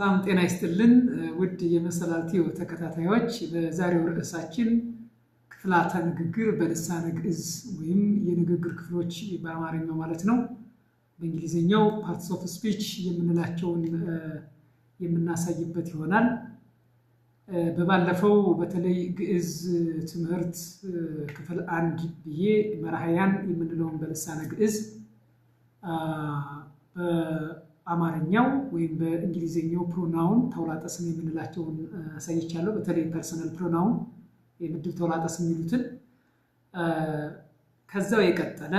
ሰላም ጤና ይስጥልን ውድ የመሰላልቲው ተከታታዮች፣ በዛሬው ርዕሳችን ክፍላተ ንግግር በልሳነ ግዕዝ ወይም የንግግር ክፍሎች በአማርኛው ማለት ነው፣ በእንግሊዝኛው ፓርትስ ኦፍ ስፒች የምንላቸውን የምናሳይበት ይሆናል። በባለፈው በተለይ ግዕዝ ትምህርት ክፍል አንድ ብዬ መራሕያን የምንለውን በልሳነ ግዕዝ በአማርኛው ወይም በእንግሊዝኛው ፕሮናውን ተውላጠ ስም የምንላቸውን አሳይቻለሁ። በተለይ ፐርሰናል ፕሮናውን የምድብ ተውላጠ ስም የሚሉትን ከዛው የቀጠለ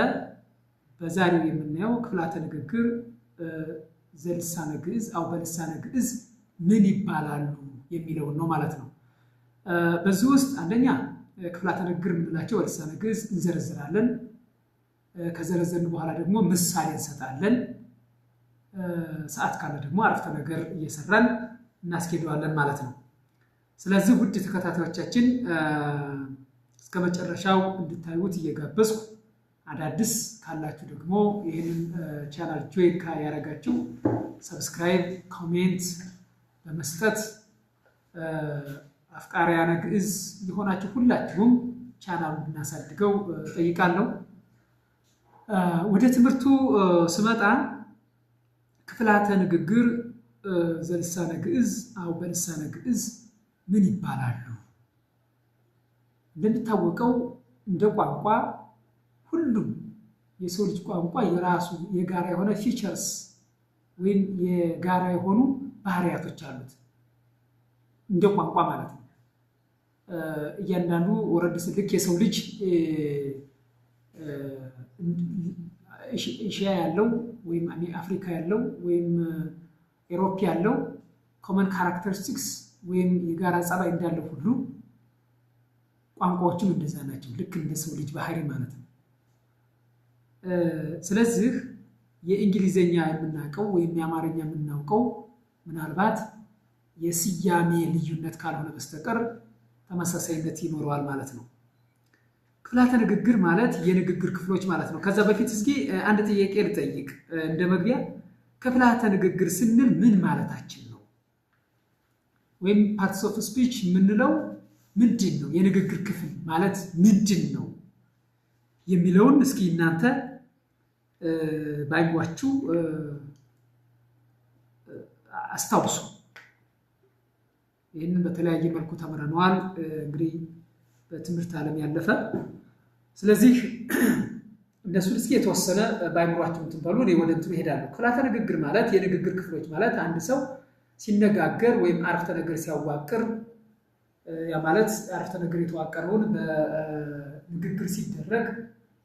በዛሬው የምናየው ክፍላተ ንግግር ዘልሳነ ግዕዝ አው በልሳነ ግዕዝ ምን ይባላሉ የሚለውን ነው ማለት ነው። በዚህ ውስጥ አንደኛ ክፍላተ ንግግር የምንላቸው በልሳነ ግዕዝ እንዘረዝራለን። ከዘረዘርን በኋላ ደግሞ ምሳሌ እንሰጣለን። ሰዓት ካለ ደግሞ አረፍተ ነገር እየሰራን እናስኬደዋለን ማለት ነው። ስለዚህ ውድ ተከታታዮቻችን እስከ መጨረሻው እንድታዩት እየጋበዝኩ አዳዲስ ካላችሁ ደግሞ ይህንን ቻናል ጆይን ያደረጋችሁ ሰብስክራይብ፣ ኮሜንት በመስጠት አፍቃሪያነ ግዕዝ የሆናችሁ ሁላችሁም ቻናሉ እናሳድገው ጠይቃለሁ። ወደ ትምህርቱ ስመጣ ክፍላተ ንግግር ዘልሳነ ግዕዝ አው በልሳነ ግዕዝ ምን ይባላሉ? እንደሚታወቀው እንደ ቋንቋ ሁሉም የሰው ልጅ ቋንቋ የራሱ የጋራ የሆነ ፊቸርስ ወይም የጋራ የሆኑ ባህሪያቶች አሉት። እንደ ቋንቋ ማለት ነው። እያንዳንዱ ወረድ ስልክ የሰው ልጅ ኤሽያ ያለው ወይም አፍሪካ ያለው ወይም ኤሮፕ ያለው ኮመን ካራክተሪስቲክስ ወይም የጋራ ጸባይ እንዳለው ሁሉ ቋንቋዎችም እንደዛ ናቸው። ልክ እንደ ሰው ልጅ ባህሪ ማለት ነው። ስለዚህ የእንግሊዝኛ የምናውቀው ወይም የአማርኛ የምናውቀው ምናልባት የስያሜ ልዩነት ካልሆነ በስተቀር ተመሳሳይነት ይኖረዋል ማለት ነው። ክፍላተ ንግግር ማለት የንግግር ክፍሎች ማለት ነው። ከዛ በፊት እስኪ አንድ ጥያቄ ልጠይቅ እንደ መግቢያ። ክፍላተ ንግግር ስንል ምን ማለታችን ነው? ወይም ፓርትስ ኦፍ ስፒች የምንለው ምንድን ነው? የንግግር ክፍል ማለት ምንድን ነው የሚለውን እስኪ እናንተ ባይጓችሁ አስታውሱ። ይህንን በተለያየ መልኩ ተምረነዋል እንግዲህ በትምህርት ዓለም ያለፈ። ስለዚህ እነሱን እስኪ የተወሰነ በአይምሯቸው እንትን በሉ እኔ ወደ እንትኑ ይሄዳሉ። ክላተ ንግግር ማለት የንግግር ክፍሎች ማለት አንድ ሰው ሲነጋገር ወይም አረፍተ ነገር ሲያዋቅር ያ ማለት አረፍተ ነገር የተዋቀረውን በንግግር ሲደረግ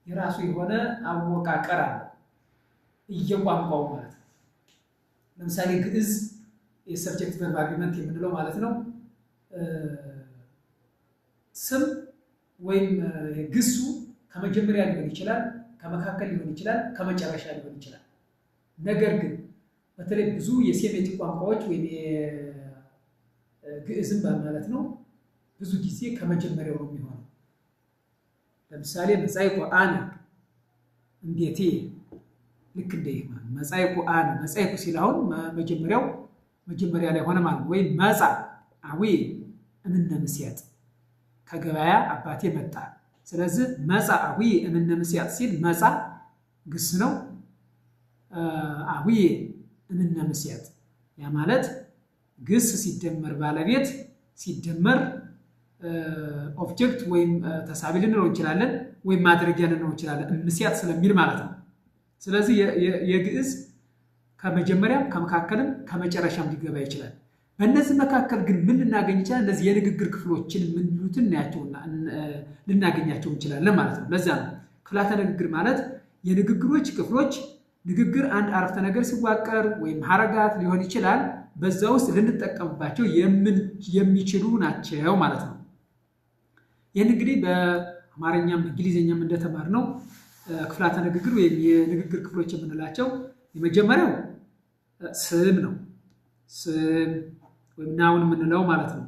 የራሱ የሆነ አወቃቀር አለ፣ እየቋንቋው ማለት ነው። ለምሳሌ ግዕዝ የሰብጀክት ቨርብ አግሪመንት የምንለው ማለት ነው። ስም ወይም ግሱ ከመጀመሪያ ሊሆን ይችላል፣ ከመካከል ሊሆን ይችላል፣ ከመጨረሻ ሊሆን ይችላል። ነገር ግን በተለይ ብዙ የሴሜቲክ ቋንቋዎች ወይም ግዕዝም ማለት ነው ብዙ ጊዜ ከመጀመሪያው ነው የሚሆነው። ለምሳሌ መጻይኮ አነ እንዴቴ ልክ እንደ ይህ ማለት አነ መጻይኮ ሲል አሁን መጀመሪያው መጀመሪያ ላይ ሆነ ማለት ወይም መጻ አዊ እንነምስያጥ ከገበያ አባቴ መጣ። ስለዚህ መጻ አቡዬ እምነ ሲል መጻ ግስ ነው። አቡዬ እምነ ምስያት ያ ማለት ግስ ሲደመር ባለቤት ሲደመር ኦብጀክት ወይም ተሳቢ ልንለው እንችላለን፣ ወይም ማድረጊያ ልንለው እንችላለን። እምስያት ስለሚል ማለት ነው። ስለዚህ የግዕዝ ከመጀመሪያም ከመካከልም ከመጨረሻም ሊገባ ይችላል። በእነዚህ መካከል ግን ምን ልናገኝ ይችላል? እነዚህ የንግግር ክፍሎችን ምንሉትን እናያቸውና ልናገኛቸው እንችላለን ማለት ነው። ለዛ ነው ክፍላተ ንግግር ማለት የንግግሮች ክፍሎች ንግግር አንድ አረፍተ ነገር ሲዋቀር ወይም ሀረጋት ሊሆን ይችላል። በዛ ውስጥ ልንጠቀምባቸው የሚችሉ ናቸው ማለት ነው። ይህን እንግዲህ በአማርኛም እንግሊዝኛም እንደተማር ነው ክፍላተ ንግግር ወይም የንግግር ክፍሎች የምንላቸው የመጀመሪያው ስም ነው። ስም ወይም ናውን የምንለው ማለት ነው።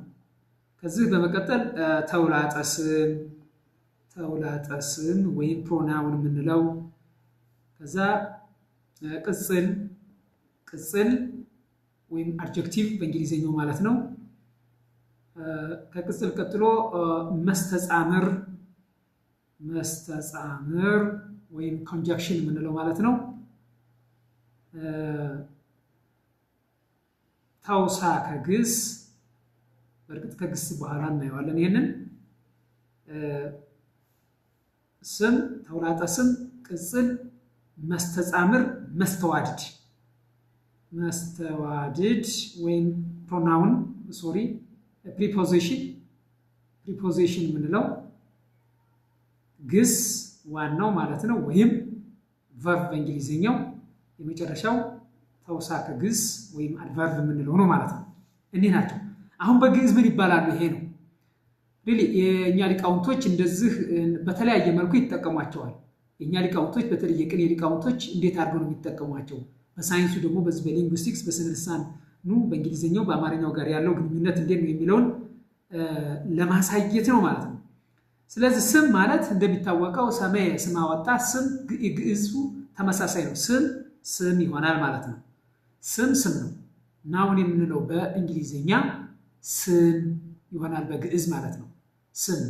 ከዚህ በመቀጠል ተውላጠ ስም ተውላጠ ስም ወይም ፕሮናውን የምንለው ከዛ ቅጽል ቅጽል ወይም አድጀክቲቭ በእንግሊዝኛው ማለት ነው። ከቅጽል ቀጥሎ መስተጻምር መስተጻምር ወይም ኮንጀክሽን የምንለው ማለት ነው። ታውሳ ከግስ በእርግጥ ከግስ በኋላ እናየዋለን። ይህንን ስም፣ ተውላጠ ስም፣ ቅጽል፣ መስተጻምር፣ መስተዋድድ መስተዋድድ ወይም ፕሮናውን ሶሪ ፕሪፖዚሽን ፕሪፖዚሽን የምንለው ግስ ዋናው ማለት ነው። ወይም ቨርብ በእንግሊዝኛው የመጨረሻው ተውሳከ ግዕዝ ወይም አድቫርቭ የምንለው ነው ማለት ነው። እኒህ ናቸው። አሁን በግዕዝ ምን ይባላሉ? ይሄ ነው የእኛ ሊቃውንቶች እንደዚህ በተለያየ መልኩ ይጠቀሟቸዋል። የእኛ ሊቃውንቶች በተለየ ቅን ሊቃውንቶች እንዴት አድርገው ነው የሚጠቀሟቸው? በሳይንሱ ደግሞ በዚህ በሊንጉስቲክስ በስነ ልሳኑ በእንግሊዝኛው በአማርኛው ጋር ያለው ግንኙነት እንዴት ነው የሚለውን ለማሳየት ነው ማለት ነው። ስለዚህ ስም ማለት እንደሚታወቀው ሰመየ ስም አወጣ፣ ስም ግዕዙ ተመሳሳይ ነው። ስም ስም ይሆናል ማለት ነው። ስም ስም ነው። ናውን የምንለው በእንግሊዝኛ ስም ይሆናል፣ በግዕዝ ማለት ነው። ስም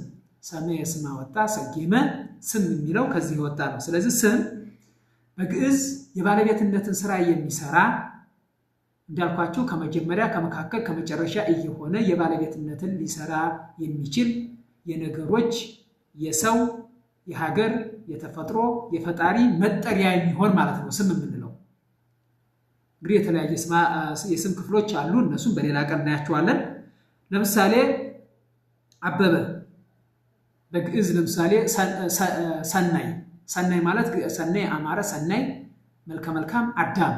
ሰመ ስማ ወጣ፣ ሰጌመ ስም የሚለው ከዚህ የወጣ ነው። ስለዚህ ስም በግዕዝ የባለቤትነትን ስራ የሚሰራ እንዳልኳቸው ከመጀመሪያ ከመካከል ከመጨረሻ እየሆነ የባለቤትነትን ሊሰራ የሚችል የነገሮች የሰው የሀገር የተፈጥሮ የፈጣሪ መጠሪያ የሚሆን ማለት ነው ስም የምንለው እንግዲህ የተለያየ የስም ክፍሎች አሉ። እነሱም በሌላ ቀን እናያቸዋለን። ለምሳሌ አበበ በግዕዝ ለምሳሌ ሰናይ ሰናይ ማለት ሰናይ አማረ፣ ሰናይ መልከ መልካም፣ አዳም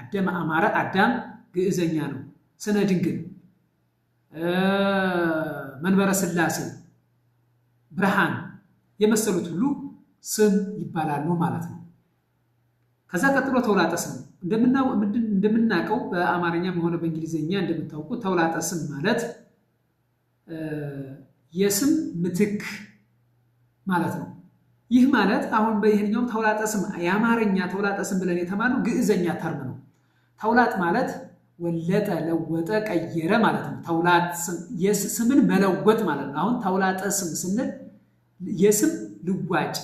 አደመ፣ አማረ፣ አዳም ግዕዘኛ ነው። ስነ ድንግል፣ መንበረ ስላሴ፣ ብርሃን የመሰሉት ሁሉ ስም ይባላሉ ማለት ነው። ከዛ ቀጥሎ ተውላጠ ስም እንደምናውቀው በአማርኛም ሆነ በእንግሊዝኛ እንደምታውቁ ተውላጠ ስም ማለት የስም ምትክ ማለት ነው። ይህ ማለት አሁን በይህኛው ተውላጠ ስም የአማርኛ ተውላጠ ስም ብለን የተማርነው ግዕዘኛ ተርም ነው። ተውላጥ ማለት ወለጠ፣ ለወጠ፣ ቀየረ ማለት ነው። ተውላጥ ስምን መለወጥ ማለት ነው። አሁን ተውላጠ ስም ስንል የስም ልዋጭ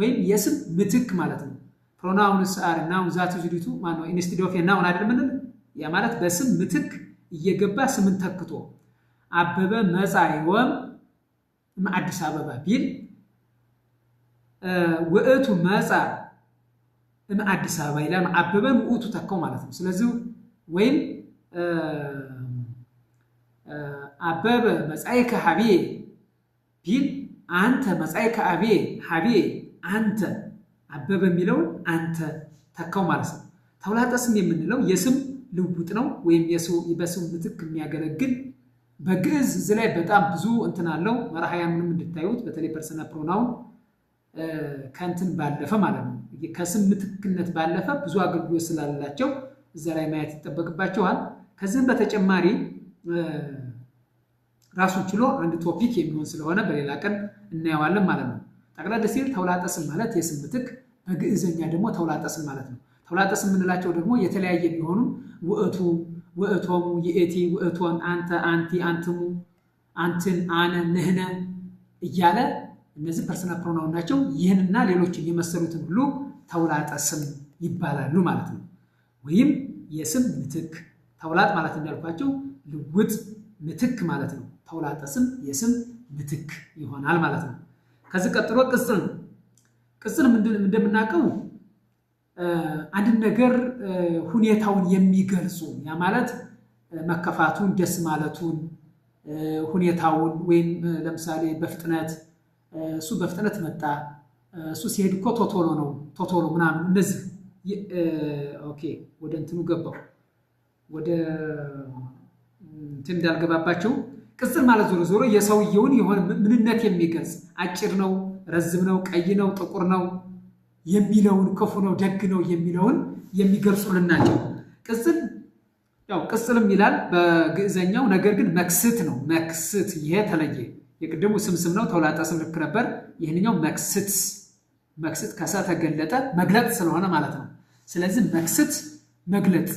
ወይም የስም ምትክ ማለት ነው። ፕሮናውን ሰአር ናውን ዛቱ ዝሪቱ ማነው ኢንስቲድ ኦፍ ናውን አይደል ምንል ያ ማለት በስም ምትክ እየገባ ስምን ተክቶ አበበ መጻ ይወም አዲስ አበባ ቢል ውእቱ መጻ አዲስ አበባ ይላል። አበበ ውእቱ ተካው ማለት ነው። ስለዚህ ወይም አበበ መጻይከ ሀቤ ቢል አንተ መጻይከ አቤ ሀቤ አንተ አበበ የሚለውን አንተ ተካው ማለት ነው። ተውላጠ ስም የምንለው የስም ልውውጥ ነው፣ ወይም በስም ምትክ የሚያገለግል በግዕዝ እዚህ ላይ በጣም ብዙ እንትን አለው። ምንም እንድታዩት በተለይ ፐርሰና ፕሮናውን ከእንትን ባለፈ ማለት ነው ከስም ምትክነት ባለፈ ብዙ አገልግሎት ስላላቸው እዛ ላይ ማየት ይጠበቅባቸዋል። ከዚህም በተጨማሪ ራሱን ችሎ አንድ ቶፒክ የሚሆን ስለሆነ በሌላ ቀን እናየዋለን ማለት ነው። ጠቅለል ሲል ተውላጠ ስም ማለት የስም ምትክ፣ በግዕዘኛ ደግሞ ተውላጠ ስም ማለት ነው። ተውላጠ ስም የምንላቸው ደግሞ የተለያየ ቢሆኑ ውእቱ፣ ውእቶሙ፣ ይእቲ፣ ውእቶን፣ አንተ፣ አንቲ፣ አንትሙ፣ አንትን፣ አነ፣ ንህነ እያለ እነዚህ ፐርሰናል ፕሮናውን ናቸው። ይህንና ሌሎችን የመሰሉትን ሁሉ ተውላጠ ስም ይባላሉ ማለት ነው። ወይም የስም ምትክ ተውላጥ ማለት እንዳልኳቸው ልውጥ ምትክ ማለት ነው። ተውላጠ ስም የስም ምትክ ይሆናል ማለት ነው። ከዚህ ቀጥሎ ቅጽል ነው። ቅጽል እንደምናውቀው አንድ ነገር ሁኔታውን የሚገልጹ ያ ማለት መከፋቱን፣ ደስ ማለቱን፣ ሁኔታውን ወይም ለምሳሌ በፍጥነት እሱ በፍጥነት መጣ፣ እሱ ሲሄድ እኮ ቶቶሎ ነው ቶቶሎ ምናምን እነዚህ ኦኬ ወደ እንትኑ ገባው ወደ እንትን እንዳልገባባቸው ቅጽል ማለት ዞሮ ዞሮ የሰውየውን የሆነ ምንነት የሚገልጽ አጭር ነው፣ ረዝም ነው፣ ቀይ ነው፣ ጥቁር ነው የሚለውን ክፉ ነው፣ ደግ ነው የሚለውን የሚገልጹልን ናቸው። ቅጽል ያው ቅጽልም ይላል በግዕዘኛው። ነገር ግን መክስት ነው። መክስት ይሄ ተለየ። የቅድሙ ስምስም ነው፣ ተውላጠ ስም ልክ ነበር። ይህንኛው መክስት መክስት ከሰ ተገለጠ መግለጥ ስለሆነ ማለት ነው። ስለዚህ መክስት መግለጥ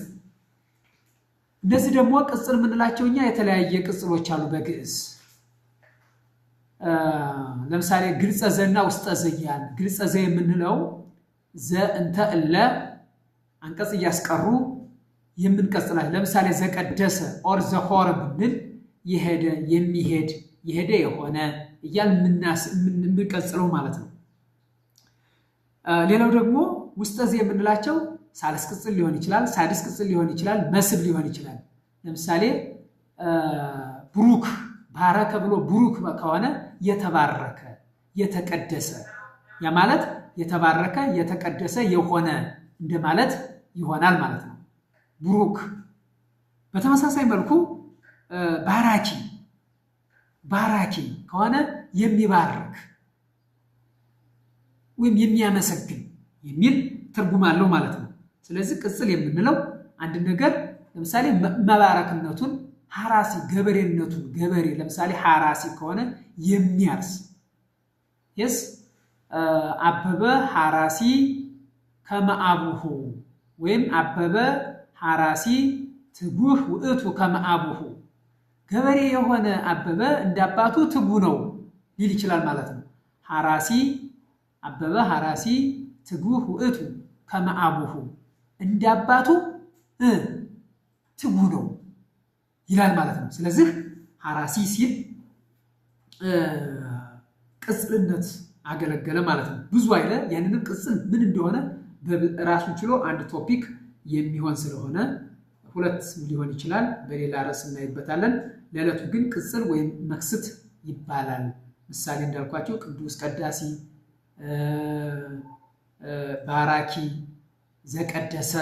እነዚህ ደግሞ ቅጽል የምንላቸው እኛ የተለያየ ቅጽሎች አሉ በግዕዝ ለምሳሌ ግልጸ ዘና ውስጠ ዘያን ግልጸ ዘ የምንለው ዘ እንተ እለ አንቀጽ እያስቀሩ የምንቀጽላቸው ለምሳሌ ዘቀደሰ ኦር ዘሆረ ብንል የሄደ የሚሄድ የሄደ የሆነ እያል የምንቀጽለው ማለት ነው። ሌላው ደግሞ ውስጠ ዘ የምንላቸው ሳልስ ቅጽል ሊሆን ይችላል፣ ሳድስ ቅጽል ሊሆን ይችላል፣ መስብ ሊሆን ይችላል። ለምሳሌ ብሩክ ባረከ ብሎ ብሩክ ከሆነ የተባረከ የተቀደሰ፣ ያ ማለት የተባረከ የተቀደሰ የሆነ እንደማለት ይሆናል ማለት ነው። ብሩክ በተመሳሳይ መልኩ ባራኪ ባራኪ ከሆነ የሚባርክ ወይም የሚያመሰግን የሚል ትርጉም አለው ማለት ነው። ስለዚህ ቅጽል የምንለው አንድ ነገር ለምሳሌ መባረክነቱን ሐራሲ ገበሬነቱን ገበሬ ለምሳሌ ሐራሲ ከሆነ የሚያርስ የስ አበበ ሐራሲ ከመአቡሁ ወይም አበበ ሐራሲ ትጉህ ውእቱ ከመአቡሁ ገበሬ የሆነ አበበ እንደ አባቱ ትጉ ነው ሊል ይችላል ማለት ነው። ሐራሲ አበበ ሐራሲ ትጉህ ውእቱ ከመአቡሁ እንደ አባቱ ትጉ ነው ይላል ማለት ነው። ስለዚህ ሐራሲ ሲል ቅጽልነት አገለገለ ማለት ነው። ብዙ አይለ ያንንም ቅጽል ምን እንደሆነ ራሱን ችሎ አንድ ቶፒክ የሚሆን ስለሆነ ሁለት ሊሆን ይችላል። በሌላ ርዕስ እናይበታለን። ለዕለቱ ግን ቅጽል ወይም መክስት ይባላል። ምሳሌ እንዳልኳቸው ቅዱስ፣ ቀዳሲ፣ ባራኪ ዘቀደሰ፣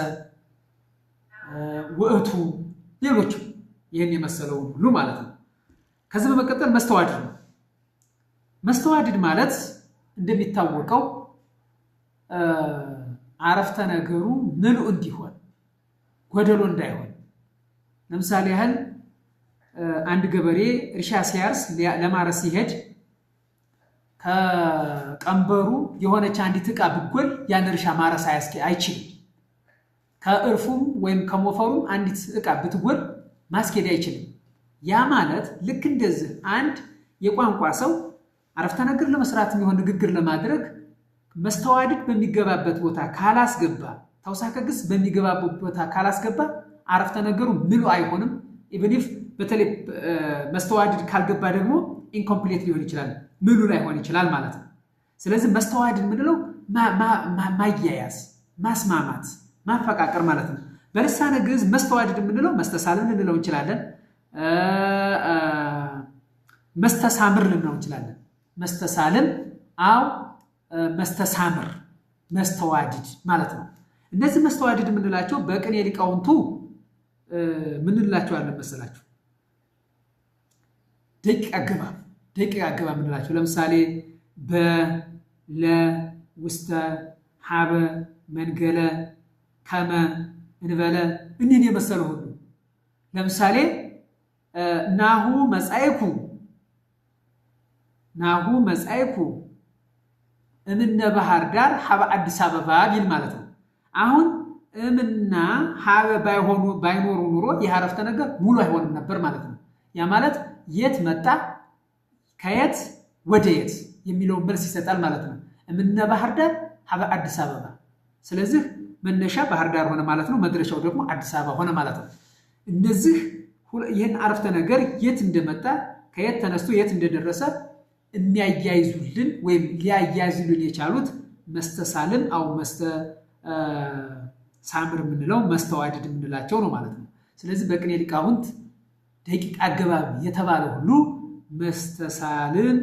ውዕቱ፣ ሌሎች ይህን የመሰለውን ሁሉ ማለት ነው። ከዚህ በመቀጠል መስተዋድድ ነው። መስተዋድድ ማለት እንደሚታወቀው አረፍተ ነገሩ ምሉ እንዲሆን ጎደሎ እንዳይሆን። ለምሳሌ ያህል አንድ ገበሬ እርሻ ሲያርስ ለማረስ ሲሄድ ከቀንበሩ የሆነች አንዲት ዕቃ ብጎል ያን እርሻ ማረስ አይችልም። ከእርፉም ወይም ከሞፈሩም አንዲት እቃ ብትጎድ ማስኬድ አይችልም። ያ ማለት ልክ እንደዚህ አንድ የቋንቋ ሰው አረፍተ ነገር ለመስራት የሚሆን ንግግር ለማድረግ መስተዋድድ በሚገባበት ቦታ ካላስገባ፣ ተውሳከ ግስ በሚገባበት ቦታ ካላስገባ አረፍተ ነገሩ ምሉ አይሆንም። ኢቨኒፍ ኢፍ በተለይ መስተዋድድ ካልገባ ደግሞ ኢንኮምፕሌት ሊሆን ይችላል፣ ምሉ ላይሆን ይችላል ማለት ነው። ስለዚህ መስተዋድድ የምንለው ማያያዝ፣ ማስማማት ማፈቃቀር ማለት ነው። በልሳነ ግዕዝ መስተዋድድ የምንለው መስተሳለም ልንለው እንችላለን። መስተሳምር ልንለው እንችላለን። መስተሳልም አው መስተሳምር መስተዋድድ ማለት ነው። እነዚህ መስተዋድድ የምንላቸው በቅኔ ሊቃውንቱ ምንላቸው አለን መሰላችሁ? ደቂቅ አገባብ ደቂቅ አገባብ የምንላቸው ለምሳሌ በለ ውስተ ሀበ መንገለ ከመ እንበለ እኒን የመሰለ ሁሉ ለምሳሌ ናሁ መጻይኩ ናሁ መጻይኩ እምነ ባህር ዳር ሀበ አዲስ አበባ ቢል ማለት ነው። አሁን እምና ሀበ ባይሆኑ ባይኖሩ ኑሮ ይህ አረፍተ ነገር ሙሉ አይሆንም ነበር ማለት ነው። ያ ማለት የት መጣ ከየት ወደ የት የሚለውን መልስ ይሰጣል ማለት ነው። እምነ ባህር ዳር ሀበ አዲስ አበባ ስለዚህ መነሻ ባህር ዳር ሆነ ማለት ነው። መድረሻው ደግሞ አዲስ አበባ ሆነ ማለት ነው። እነዚህ ይህን አረፍተ ነገር የት እንደመጣ ከየት ተነስቶ የት እንደደረሰ የሚያያይዙልን ወይም ሊያያይዙልን የቻሉት መስተሳልም አው መስተ ሳምር የምንለው መስተዋድድ የምንላቸው ነው ማለት ነው። ስለዚህ በቅኔ ሊቃውንት ደቂቅ አገባብ የተባለ ሁሉ መስተሳልን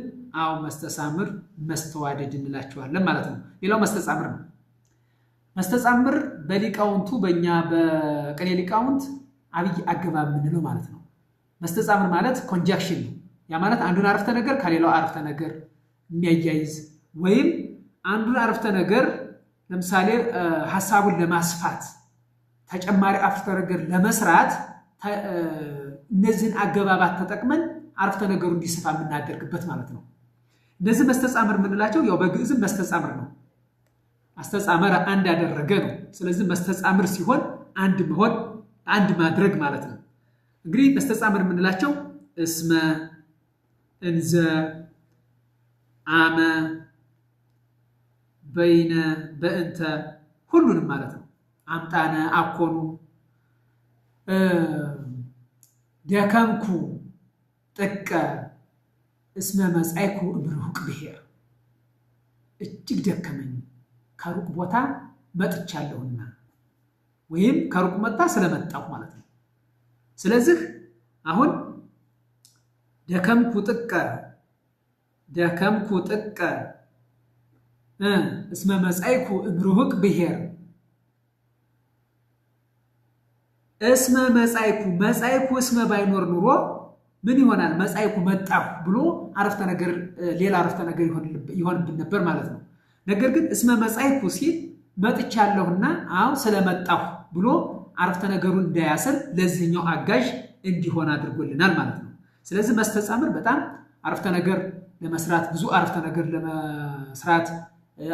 አው መስተሳምር መስተዋድድ እንላቸዋለን ማለት ነው። ሌላው መስተጻምር ነው። መስተጻምር በሊቃውንቱ በእኛ በቅኔ ሊቃውንት አብይ አገባብ ምንለው ማለት ነው። መስተጻምር ማለት ኮንጃክሽን ነው። ያ ማለት አንዱን አረፍተ ነገር ከሌላው አረፍተ ነገር የሚያያይዝ ወይም አንዱን አረፍተ ነገር ለምሳሌ ሀሳቡን ለማስፋት ተጨማሪ አረፍተ ነገር ለመስራት እነዚህን አገባባት ተጠቅመን አረፍተ ነገሩ እንዲሰፋ የምናደርግበት ማለት ነው። እነዚህ መስተጻምር የምንላቸው ያው በግዕዝም መስተጻምር ነው። አስተጻመረ አንድ ያደረገ ነው። ስለዚህ መስተጻምር ሲሆን አንድ መሆን አንድ ማድረግ ማለት ነው። እንግዲህ መስተጻምር የምንላቸው እስመ፣ እንዘ፣ አመ፣ በይነ፣ በእንተ ሁሉንም ማለት ነው። አምጣነ፣ አኮኑ፣ ደከምኩ፣ ጥቀ፣ እስመ መጻይኩ እምርሁቅ ብሔር እጅግ ደከመኝ ከሩቅ ቦታ መጥቻለሁና ወይም ከሩቅ መጣ ስለመጣሁ ማለት ነው። ስለዚህ አሁን ደከምኩ ጥቀ ደከምኩ ጥቀ እስመ መጻይኩ እምርሁቅ ብሔር እስመ መጻይኩ መጻይኩ እስመ ባይኖር ኑሮ ምን ይሆናል? መጻይኩ መጣሁ ብሎ አረፍተ ነገር ሌላ አረፍተ ነገር ይሆንብን ነበር ማለት ነው። ነገር ግን እስመ መጻይኩ ሲል መጥቻለሁና አዎ ስለመጣሁ ብሎ አረፍተ ነገሩን እንዳያስር ለዚህኛው አጋዥ እንዲሆን አድርጎልናል ማለት ነው። ስለዚህ መስተጻምር በጣም አረፍተ ነገር ለመስራት ብዙ አረፍተ ነገር ለመስራት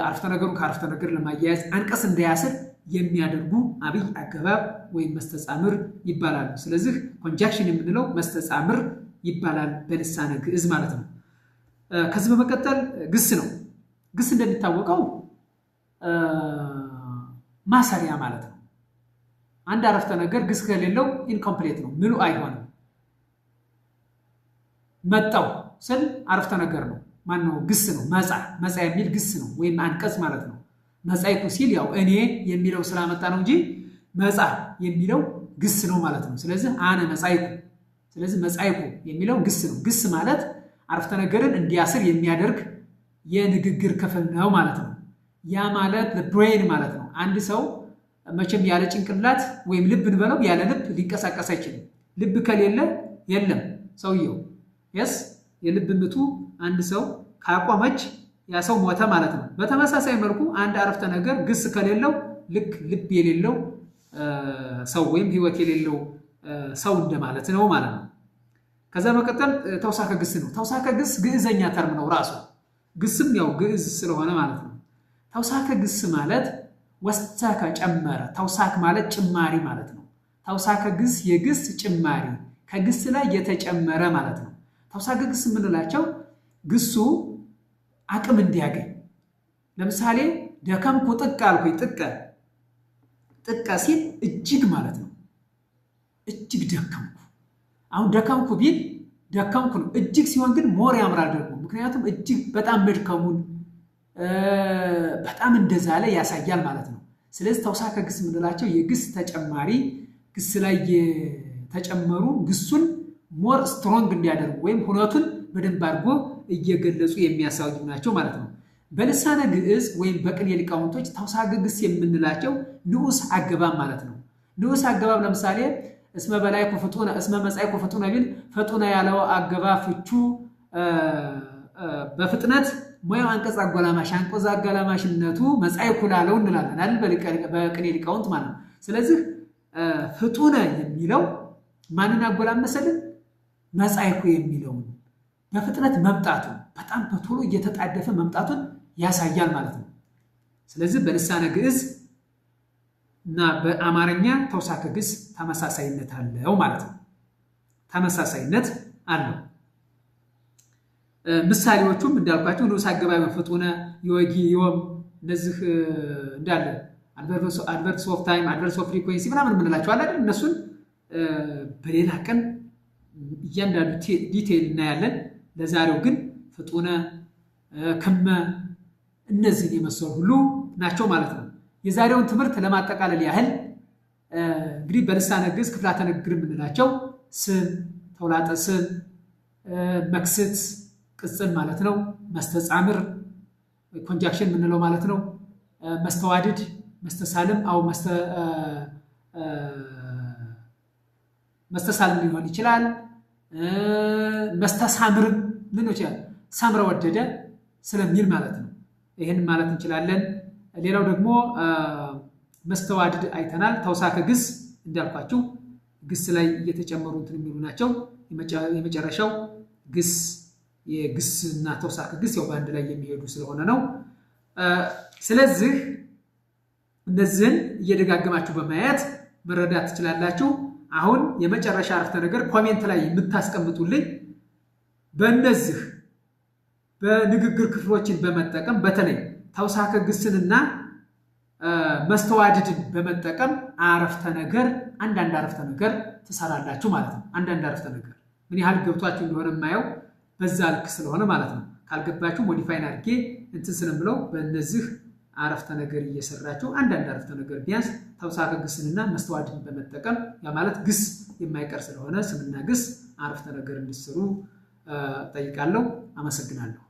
አረፍተ ነገሩን ከአረፍተ ነገር ለማያያዝ አንቀጽ እንዳያስር የሚያደርጉ አብይ አገባብ ወይም መስተጻምር ይባላሉ። ስለዚህ ኮንጃክሽን የምንለው መስተጻምር ይባላል በልሳነ ግዕዝ ማለት ነው። ከዚህ በመቀጠል ግስ ነው። ግስ እንደሚታወቀው ማሰሪያ ማለት ነው። አንድ አረፍተ ነገር ግስ ከሌለው ኢንኮምፕሌት ነው፣ ምሉ አይሆንም። መጣው ስል አረፍተ ነገር ነው። ነው? ግስ ነው። መጻ መጻ የሚል ግስ ነው፣ ወይም አንቀጽ ማለት ነው። መጻይቱ ሲል ያው እኔ የሚለው ስላመጣ ነው እንጂ መጻ የሚለው ግስ ነው ማለት ነው። ስለዚህ አነ መጻይኩ፣ ስለዚህ መጻይኩ የሚለው ግስ ነው። ግስ ማለት አረፍተ ነገርን እንዲያስር የሚያደርግ የንግግር ክፍል ነው ማለት ነው። ያ ማለት ብሬን ማለት ነው። አንድ ሰው መቼም ያለ ጭንቅላት ወይም ልብ እንበለው ያለ ልብ ሊንቀሳቀስ አይችልም። ልብ ከሌለ የለም ሰውየው የስ የልብ ምቱ አንድ ሰው ካቆመች ያ ሰው ሞተ ማለት ነው። በተመሳሳይ መልኩ አንድ አረፍተ ነገር ግስ ከሌለው ልክ ልብ የሌለው ሰው ወይም ህይወት የሌለው ሰው እንደማለት ነው ማለት ነው። ከዛ መቀጠል ተውሳከ ግስ ነው። ተውሳከ ግስ ግዕዘኛ ተርም ነው ራሱ ግስም ያው ግዕዝ ስለሆነ ማለት ነው። ተውሳከ ግስ ማለት ወሰከ ጨመረ። ተውሳክ ማለት ጭማሪ ማለት ነው። ተውሳከ ግስ የግስ ጭማሪ ከግስ ላይ የተጨመረ ማለት ነው። ተውሳከ ግስ የምንላቸው ግሱ አቅም እንዲያገኝ ለምሳሌ ደከምኩ ጥቀ አልኩኝ። ጥቀ ጥቀ ሲል እጅግ ማለት ነው። እጅግ ደከምኩ። አሁን ደከምኩ ቢል ደከምኩ ነው። እጅግ ሲሆን ግን ሞር ያምራል ደግሞ ምክንያቱም እጅግ በጣም መድከሙን በጣም እንደዛ ላይ ያሳያል ማለት ነው። ስለዚህ ተውሳከ ግስ የምንላቸው የግስ ተጨማሪ ግስ ላይ የተጨመሩ ግሱን ሞር ስትሮንግ እንዲያደርጉ ወይም ሁነቱን በደንብ አድርጎ እየገለጹ የሚያሳዩ ናቸው ማለት ነው። በልሳነ ግዕዝ ወይም በቅኔ ሊቃውንቶች ተውሳከ ግስ የምንላቸው ንዑስ አገባብ ማለት ነው። ንዑስ አገባብ ለምሳሌ እስመ በላይ ኩፍጡነ እስመ መጻይ ኩፍጡነ ቢል ፈጡነ ያለው አገባ ፍቹ በፍጥነት ሙያው አንቀጽ አጎላማሽ አንቀጽ አጎላማሽነቱ መጻይ ኩላለው እንላለን አይደል? በቅኔ ሊቃውንት ማለት ነው። ስለዚህ ፍጡነ የሚለው ማንን አጎላመሰልን? መጻይኩ የሚለውን በፍጥነት መምጣቱን በጣም በቶሎ እየተጣደፈ መምጣቱን ያሳያል ማለት ነው። ስለዚህ በልሳነ ግዕዝ እና በአማርኛ ተውሳከ ግስ ተመሳሳይነት አለው ማለት ነው። ተመሳሳይነት አለው። ምሳሌዎቹም እንዳልኳቸው ንዑስ አገባቢ ፍጡነ፣ የወጊ፣ ዮም እነዚህ እንዳለ አድቨርስ ኦፍ ታይም፣ አድቨርስ ኦፍ ፍሪኮንሲ ምናምን የምንላቸው አለ እነሱን በሌላ ቀን እያንዳንዱ ዲቴይል እናያለን። ለዛሬው ግን ፍጡነ፣ ክመ እነዚህን የመሰሉ ሁሉ ናቸው ማለት ነው። የዛሬውን ትምህርት ለማጠቃለል ያህል እንግዲህ በልሳነ ግዕዝ ክፍላተ ንግግር የምንላቸው ስም፣ ተውላጠ ስም፣ መክስት ቅጽል ማለት ነው፣ መስተጻምር ኮንጃክሽን የምንለው ማለት ነው፣ መስተዋድድ፣ መስተሳልም አው መስተሳልም ሊሆን ይችላል። መስተሳምር ምን ይችላል፣ ሳምረ ወደደ ስለሚል ማለት ነው። ይህን ማለት እንችላለን። ሌላው ደግሞ መስተዋድድ አይተናል። ተውሳከ ግስ እንዳልኳችሁ ግስ ላይ እየተጨመሩ እንትን የሚሉ ናቸው። የመጨረሻው ግስ የግስ እና ተውሳከ ግስ ያው በአንድ ላይ የሚሄዱ ስለሆነ ነው። ስለዚህ እነዚህን እየደጋገማችሁ በማየት መረዳት ትችላላችሁ። አሁን የመጨረሻ አረፍተ ነገር ኮሜንት ላይ የምታስቀምጡልኝ በእነዚህ በንግግር ክፍሎችን በመጠቀም በተለይ ተውሳከ ግስንና መስተዋድድን በመጠቀም አረፍተ ነገር አንዳንድ አረፍተ ነገር ትሰራላችሁ ማለት ነው። አንዳንድ አረፍተ ነገር ምን ያህል ገብቷችሁ እንደሆነ የማየው በዛ ልክ ስለሆነ ማለት ነው። ካልገባችሁ ሞዲፋይን አድርጌ እንትን ብለው በእነዚህ አረፍተ ነገር እየሰራችሁ አንዳንድ አረፍተ ነገር ቢያንስ ተውሳከ ግስንና መስተዋድድን በመጠቀም ያ ማለት ግስ የማይቀር ስለሆነ ስምና ግስ አረፍተ ነገር እንዲሰሩ ጠይቃለሁ። አመሰግናለሁ።